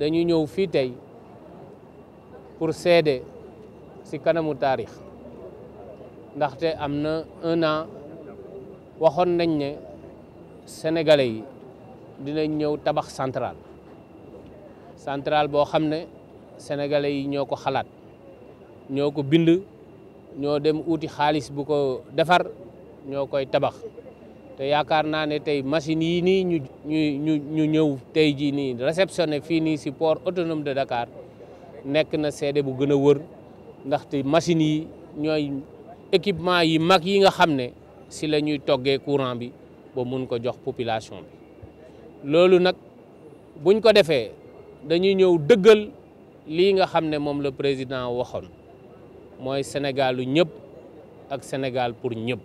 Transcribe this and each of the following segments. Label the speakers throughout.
Speaker 1: dañu ñëw fii tey pour seede ci kanamu taarix ndaxte am na un waxoon nañ ne sénégalais yi dinañ ñëw tabax centrale centrale boo xam ne sénégalais yi ñoo ko xalaat ñoo ko bind ñoo dem uti xaalis bu ko defar ñoo koy tabax te yaakaar naa ne tey machines yii nii ñu ñu ñu ñu ñëw tey jii nii réceptionné fii nii support port autonome de Dakar nekk na seede bu gën a wër ndaxte machines yi ñooy équipement yi mag yi nga xam ne si la ñuy toggee courant bi ba mun ko jox population bi loolu nag buñ ko defee dañuy ñëw dëggal lii nga xam ne moom la président waxoon mooy Sénégalu ñëpp ak Sénégal pour ñëpp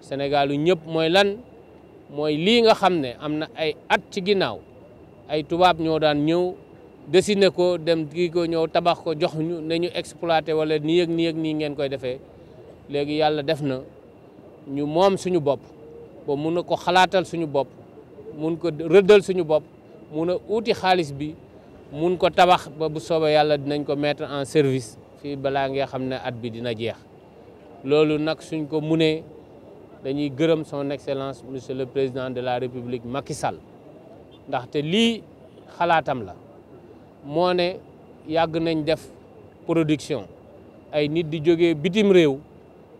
Speaker 1: Sénégalu ñëpp mooy lan mooy lii nga xam ne am na ay at ci ginnaaw ay tubaab ñoo daan ñëw dessiné ko dem kii ko ñëw tabax ko jox ñu ne ñu exploité wala nii ak nii ngeen koy defee léegi yàlla def na ñu moom suñu bopp ba mun a ko xalaatal suñu bopp mun ko rëddal suñu bopp mun a uuti xaalis bi mun ko tabax ba bu soobee yàlla dinañ ko mettre en service fii balaa nga xam ne at bi dina jeex loolu nag suñ ko munee dañuy gërëm son excellence monsieur le président de la république Macky Sall ndaxte lii xalaatam la moo ne yàgg nañ def production ay nit di jóge bitim réew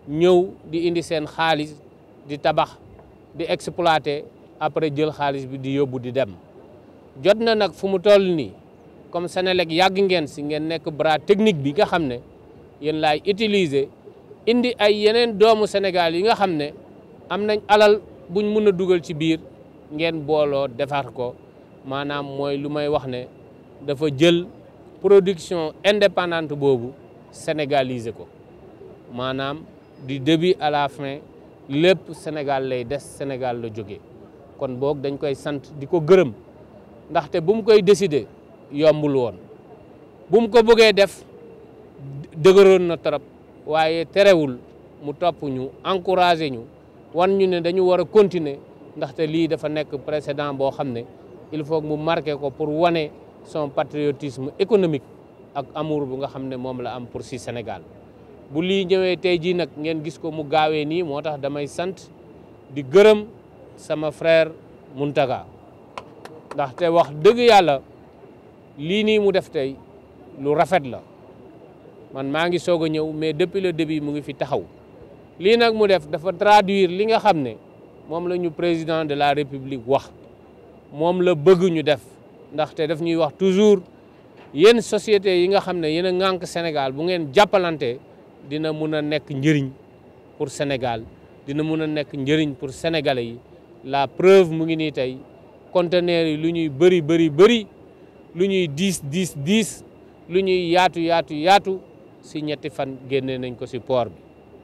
Speaker 1: ñëw di indi seen xaalis di tabax di exploiter après jël xaalis bi di yóbbu di dem jot na nag fu mu toll nii comme Senelec yàgg ngeen si ngeen nekk bra technique bi nga xam ne yéen laay utiliser indi ay yeneen doomu Sénégal yi nga xam ne am nañ alal buñ mun a dugal ci biir ngeen booloo defar ko maanaam mooy lu may wax ne dafa jël production indépendante boobu sénégaliser ko maanaam di début à la fin lépp Sénégal lay des Sénégal la jógee kon boog dañ koy sant di ko gërëm ndaxte bu mu koy désidé yombul woon bum ko bëggee def dëgëroon na trop waaye terewul mu topp ñu encouragé ñu wan ñu ne dañu war a continuer ndaxte lii dafa nekk précédent boo xam ne il faut mu marqué ko pour wane son patriotisme économique ak amour bu nga xam ne moom la am pour si Sénégal bu lii ñëwee tey jii nag ngeen gis ko mu gaawee nii moo tax damay sant di gërëm sama frère Muntaga ndaxte wax dëgg yàlla lii nii mu def tey lu rafet la man maa ngi soog a ñëw mais depuis le début mu ngi fi taxaw lii nag mu def dafa traduire li nga xam ne moom la ñu président de la république wax moom la bëgg ñu def ndaxte daf ñuy wax toujours yéen société yi nga xam ne yéen a ŋànk Sénégal bu ngeen jàppalante dina mun a nekk njëriñ pour Sénégal dina mun a nekk njëriñ pour sénégalais yi la preuve mu ngi nii tey conteneurs yi lu ñuy bëri bëri bëri lu ñuy diis diis diis lu ñuy yaatu yaatu yaatu si ñetti fan génnee nañ ko si port bi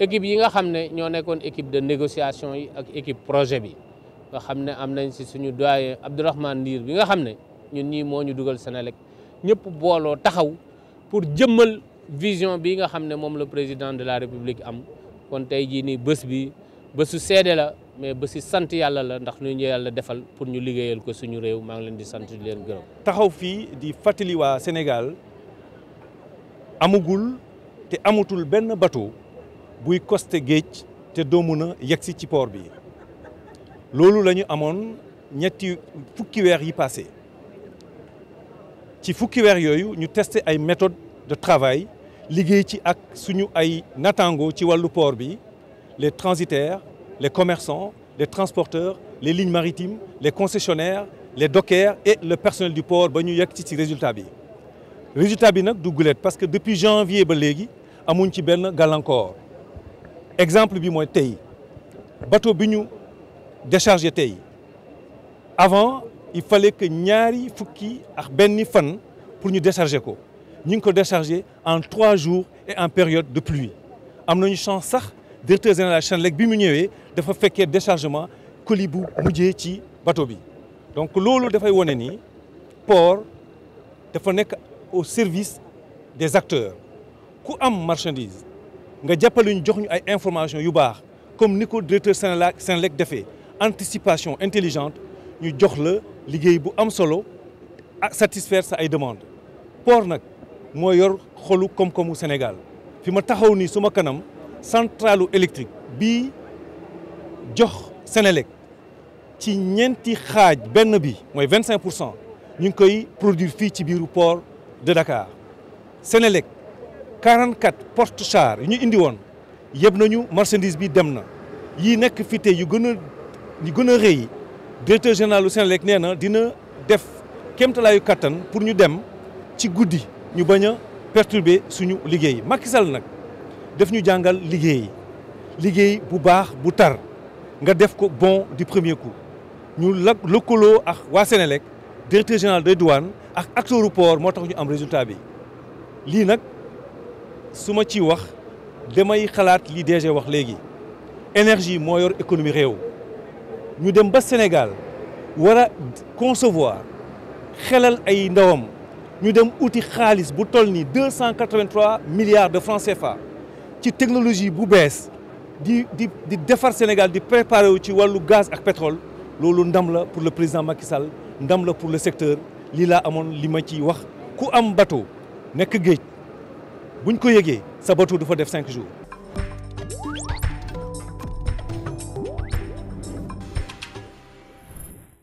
Speaker 1: équipe yi nga xam ne ñoo nekkoon équipe de négociation yi ak équipe projet bi nga xam ne am nañ si suñu doyen Abdourahmane Ndir bi nga xam ne ñun ñii moo ñu dugal Senelec ñëpp booloo taxaw pour jëmmal vision bi nga xam ne moom la président de la république am kon tey jii nii bës bi bésu seede la mais bési sant yàlla la ndax ñu yàlla defal pour ñu liggéeyal ko suñu réew maa ngi leen di sant di leen gërëm.
Speaker 2: taxaw fii di fàttali waa Sénégal amugul te amutul benn bateau. buy costé géej te doo mun a yegsi ci port bi loolu la ñu amoon ñetti fukki weer yi passé ci fukki weer yooyu ñu teste ay méthode de travail liggéey ci ak suñu ay natango ci wàllu poor bi les transitaires les commerçants les transporteurs les lignes maritimes les concessionnaires les dockers et le personnel di poor ba ñu yegg ci ci résultat bi résultat bi nag du gulet parce que depuis janvier ba léegi amuñ ci benn gàllankoor exemple bi mooy tey bateau bi ñu déchargé tey avant il fallait que ñaari fukki ak benn fan pour ñu décharger ko ñu ngi ko décharger en trois jours et en période de pluie am nañu chance sax directeur général Senelec bi mu ñëwee dafa fekkee déchargement colis bu mujjee ci bateau bi donc loolu dafay wone nii port dafa nekk au service des acteurs ku am marchandise nga jàppale ñu jox ñu ay information yu baax comme ni ko directeur Senelec Senelec defee anticipation intelligente ñu jox la liggéey bu am solo ah, satisfaire sa ay demandes port nag moo yor xolu koom Sénégal fi ma taxaw nii suma kanam centralu électrique bi jox Senelec ci ñeenti xaaj benn bi mooy vingt cinq pour cent ñu ngi koy produire fii ci biiru port de Dakar Senelec 44 porte char yu ñu indi woon yëpp nañu marchandise bi dem na yii nekk fi yu gën a yu gën a rëy directeur général u Senelec nee na dina def kéemtalaayu kattan pour ñu dem ci guddi ñu bañ a perturber suñu liggéey Macky Sall nag def ñu jàngal liggéey liggéey bu baax bu tar nga def ko bon di premier coup ñu la lëkkaloo ak waa Senelec directeur général de duwaan ak acteur port moo tax ñu am résultat bi lii nag su ma ciy wax damay xalaat li DG wax léegi énergie moo yor économie réew ñu dem ba Sénégal war a xelal ay ndawam ñu dem uti xaalis bu toll ni deux cent quatre de francs CFA ci technologie bu bees di di di defar Sénégal di préparer wu ci wàllu gaz ak pétrole loolu ndam la pour le président Macky Sall ndam la pour le secteur lii laa amoon li ma ciy wax ku am bateau nekk géej. buñ ko yëgee Sabatou du def cinq jours